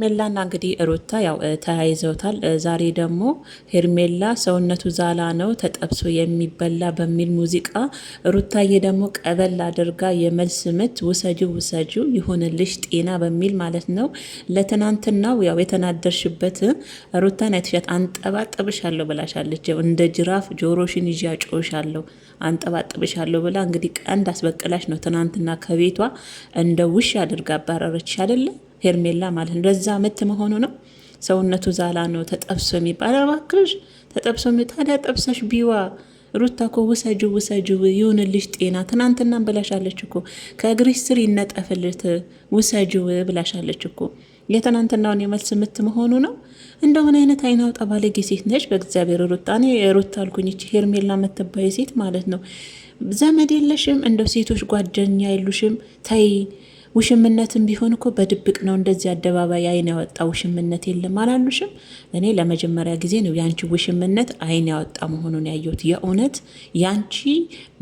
ሜላና እንግዲህ ሩታ ያው ተያይዘውታል። ዛሬ ደግሞ ሄርሜላ ሰውነቱ ዛላ ነው ተጠብሶ የሚበላ በሚል ሙዚቃ፣ ሩታዬ ደግሞ ቀበል አድርጋ የመልስ ምት ውሰጁ ውሰጁ ይሁንልሽ ጤና በሚል ማለት ነው። ለትናንትናው ያው የተናደርሽበት ሩታን አይተሻት አንጠባጥብሻለሁ ብላሻለች። ያው እንደ ጅራፍ ጆሮሽን ይዤ አጮሻለሁ አንጠባጥብሻለሁ ብላ እንግዲህ ቀንድ አስበቅላሽ ነው ትናንትና ከቤቷ እንደ ውሽ አድርጋ አባረረች አይደለም ሄርሜላ ማለት ነው። ለዛ ምት መሆኑ ነው። ሰውነቱ ዛላ ነው ተጠብሶ የሚባል እባክሽ፣ ተጠብሶ ታዲያ ጠብሰሽ ቢዋ ሩታ እኮ ውሰጅ ውሰጅ ይሁንልሽ ጤና። ትናንትናም ብላሻለች እኮ ከእግርሽ ስር ይነጠፍልት ውሰጅ ብላሻለች እኮ የትናንትናውን የመልስ ምት መሆኑ ነው። እንደሆነ አይነት አይን ጠባለጌ ሴት ነች! በእግዚአብሔር ሩታ፣ እኔ ሩታ አልኩኝ፣ ይህች ሄርሜላ የምትባይ ሴት ማለት ነው። ዘመድ የለሽም፣ እንደው ሴቶች ጓደኛ የሉሽም። ተይ ውሽምነትም ቢሆን እኮ በድብቅ ነው እንደዚህ አደባባይ አይን ያወጣ ውሽምነት የለም አላሉሽም? እኔ ለመጀመሪያ ጊዜ ነው የአንቺ ውሽምነት አይን ያወጣ መሆኑን ያየሁት። የእውነት ያንቺ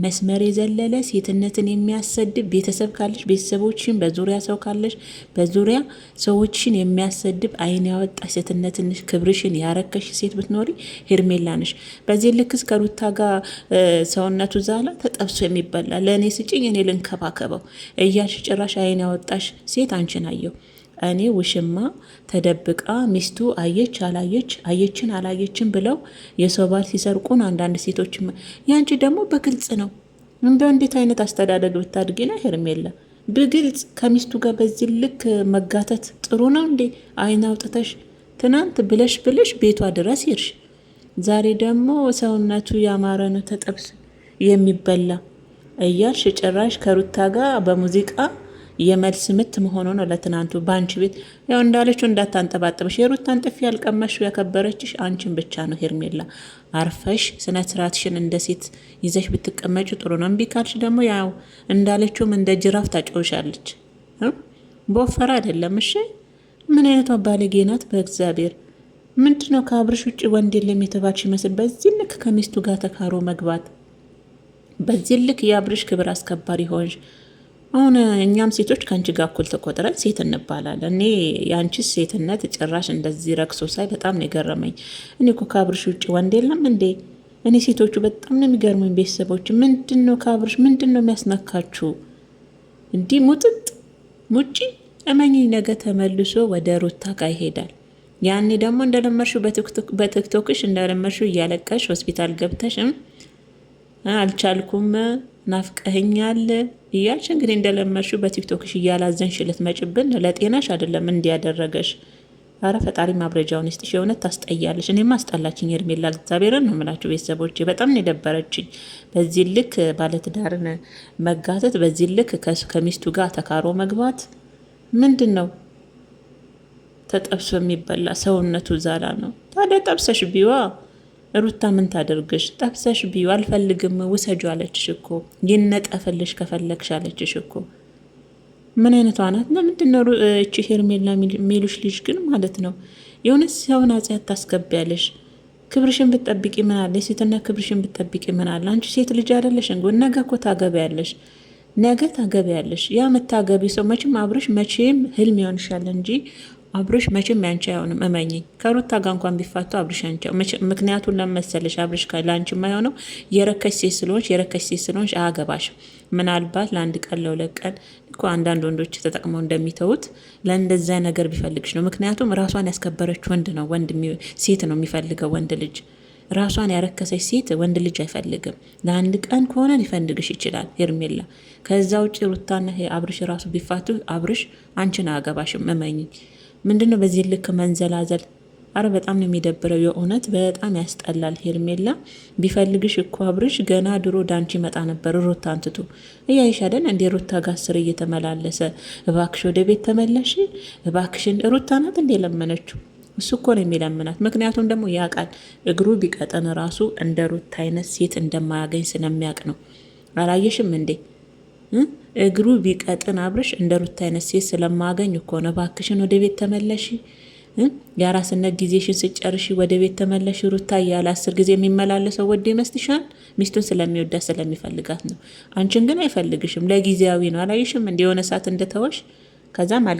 መስመር የዘለለ ሴትነትን የሚያሰድብ ቤተሰብ ካለሽ ቤተሰቦችን በዙሪያ ሰው ካለሽ በዙሪያ ሰዎችን የሚያሰድብ አይን ያወጣ ሴትነትን ክብርሽን ያረከሽ ሴት ብትኖሪ ሄርሜላ ነሽ። በዚህ ልክ እስከ ሩታ ጋር ሰውነቱ ዛላ ተጠብሶ የሚበላ ለእኔ ስጭኝ እኔ ልንከባከበው እያልሽ ጭራሽ አይን ያወጣሽ ሴት አንቺን አየሁ እኔ ውሽማ ተደብቃ ሚስቱ አየች አላየች አየችን አላየችን ብለው የሰው ባል ሲሰርቁን አንዳንድ ሴቶች፣ ያንቺ ደግሞ በግልጽ ነው። እንደው እንዴት አይነት አስተዳደግ ብታድጊ ነው ሄርሜላ? ብግልጽ ከሚስቱ ጋር በዚህ ልክ መጋተት ጥሩ ነው እንዴ? አይን አውጥተሽ ትናንት ብለሽ ብለሽ ቤቷ ድረስ ሄድሽ። ዛሬ ደግሞ ሰውነቱ ያማረ ነው ተጠብስ የሚበላ እያልሽ ጭራሽ ከሩታ ጋር በሙዚቃ የመልስ ምት መሆኑ ነው ለትናንቱ በአንቺ ቤት ያው እንዳለችው እንዳታንጠባጥበሽ የሩታን ጥፊ ያልቀመሽ ያከበረችሽ አንቺን ብቻ ነው ሄርሜላ አርፈሽ ስነ ስርዓትሽን እንደ ሴት ይዘሽ ብትቀመጭ ጥሩ ነው እምቢ ካልሽ ደግሞ ያው እንዳለችውም እንደ ጅራፍ ታጨውሻለች። በወፈራ አይደለም እሺ ምን አይነቷ ባለጌ ናት በእግዚአብሔር ምንድ ነው ከአብርሽ ውጭ ወንድ የለም የተባልሽ ይመስል በዚህ ልክ ከሚስቱ ጋር ተካሮ መግባት በዚህ ልክ የአብርሽ ክብር አስከባሪ ሆንሽ አሁን እኛም ሴቶች ከአንቺ ጋር እኩል ተቆጥረን ሴት እንባላለን። እኔ የአንቺ ሴትነት ጭራሽ እንደዚህ ረክሶ ሳይ በጣም ነው የገረመኝ። እኔ እኮ ከአብርሽ ውጭ ወንድ የለም እንዴ? እኔ ሴቶቹ በጣም ነው የሚገርሙኝ። ቤተሰቦች ምንድን ነው ከአብርሽ ምንድን ነው የሚያስነካችሁ? እንዲህ ሙጥጥ ሙጪ እመኝ፣ ነገ ተመልሶ ወደ ሩታ ጋ ይሄዳል። ያኔ ደግሞ እንደለመርሽው በቲክቶክሽ እንደለመርሽው እያለቀሽ ሆስፒታል ገብተሽም አልቻልኩም ናፍቀህኛል እያልሽ እንግዲህ እንደለመድሽው በቲክቶክሽ እያላዘንሽ ልትመጭብን ለጤናሽ አይደለም እንዲያደረገሽ። አረ ፈጣሪ ማብረጃውን ይስጥሽ። የእውነት ታስጠያለሽ። እኔ ማስጠላችኝ እርሜላ ላ እግዚአብሔርን ነው የምላችሁ ቤተሰቦች፣ በጣም ነው የደበረችኝ። በዚህ ልክ ባለትዳርን መጋተት፣ በዚህ ልክ ከሚስቱ ጋር ተካሮ መግባት ምንድን ነው? ተጠብሶ የሚበላ ሰውነቱ ዛላ ነው። ታዲያ ጠብሰሽ ቢዋ ሩታ ምን ታደርግሽ? ጠብሰሽ ቢዩ አልፈልግም ውሰጁ አለችሽ እኮ ይነጠፈልሽ ከፈለግሽ አለችሽ እኮ። ምን አይነቷ ናት? ለምንድን ነው እቺ ሄርሜላ የሚሉሽ ልጅ ግን ማለት ነው የእውነት ሰውን አጽያት ታስገቢያለሽ። ክብርሽን ብትጠብቂ ምን አለ? ሴትና ክብርሽን ብትጠብቂ ምን አለ? አንቺ ሴት ልጅ አይደለሽ? እንጎ ነገ እኮ ታገቢያለሽ፣ ነገ ታገቢያለሽ። ያ የምታገቢ ሰው መቼም አብረሽ መቼም ህልም ይሆንሻል እንጂ አብርሽ መቼም ያንቺ አይሆንም፣ እመኝኝ። ከሩታ ጋር እንኳን ቢፋቱ አብርሽ ያንቺ። ምክንያቱን ለመሰለሽ አብርሽ ለአንቺ የማይሆነው የረከሽ ሴት ስለሆንሽ፣ የረከሽ ሴት ስለሆንሽ አያገባሽ። ምናልባት ለአንድ ቀን ለሁለት ቀን እኮ አንዳንድ ወንዶች ተጠቅመው እንደሚተውት ለእንደዚያ ነገር ቢፈልግሽ ነው። ምክንያቱም ራሷን ያስከበረች ወንድ ነው ወንድ ሴት ነው የሚፈልገው ወንድ ልጅ ራሷን ያረከሰች ሴት ወንድ ልጅ አይፈልግም። ለአንድ ቀን ከሆነ ሊፈልግሽ ይችላል ሄርሜላ። ከዛ ውጭ ሩታና አብርሽ ራሱ ቢፋቱ አብርሽ አንቺን አያገባሽም እመኝኝ። ነው በዚህ ልክ መንዘላዘል? አረ በጣም ነው የሚደብረው። የእውነት በጣም ያስጠላል። ሄርሜላ ቢፈልግሽ እኮ አብርሽ ገና ድሮ ዳንቺ ይመጣ ነበር። ሩታ አንትቱ እያይሻደን እንዴ ሩታ ጋር ስር እየተመላለሰ እባክሽ ወደ ቤት ተመለሽ እባክሽን። ሩታ ናት እንዴ ለመነችው? እሱ እኮ ነው የሚለምናት። ምክንያቱም ደግሞ ያውቃል እግሩ ቢቀጠን ራሱ እንደ ሩታ አይነት ሴት እንደማያገኝ ስለሚያውቅ ነው። አላየሽም እንዴ እግሩ ቢቀጥን አብርሽ እንደ ሩት አይነት ሴት ስለማገኝ እኮ ነው። እባክሽን ወደ ቤት ተመለሺ፣ የአራስነት ጊዜሽን ስጨርሽ ወደ ቤት ተመለሺ ሩታ እያለ አስር ጊዜ የሚመላለሰው ወደ ይመስልሻል? ሚስቱን ስለሚወዳት ስለሚፈልጋት ነው። አንቺን ግን አይፈልግሽም፣ ለጊዜያዊ ነው። አላየሽም? እንደ ሰዓት እንደተወሽ ከዛም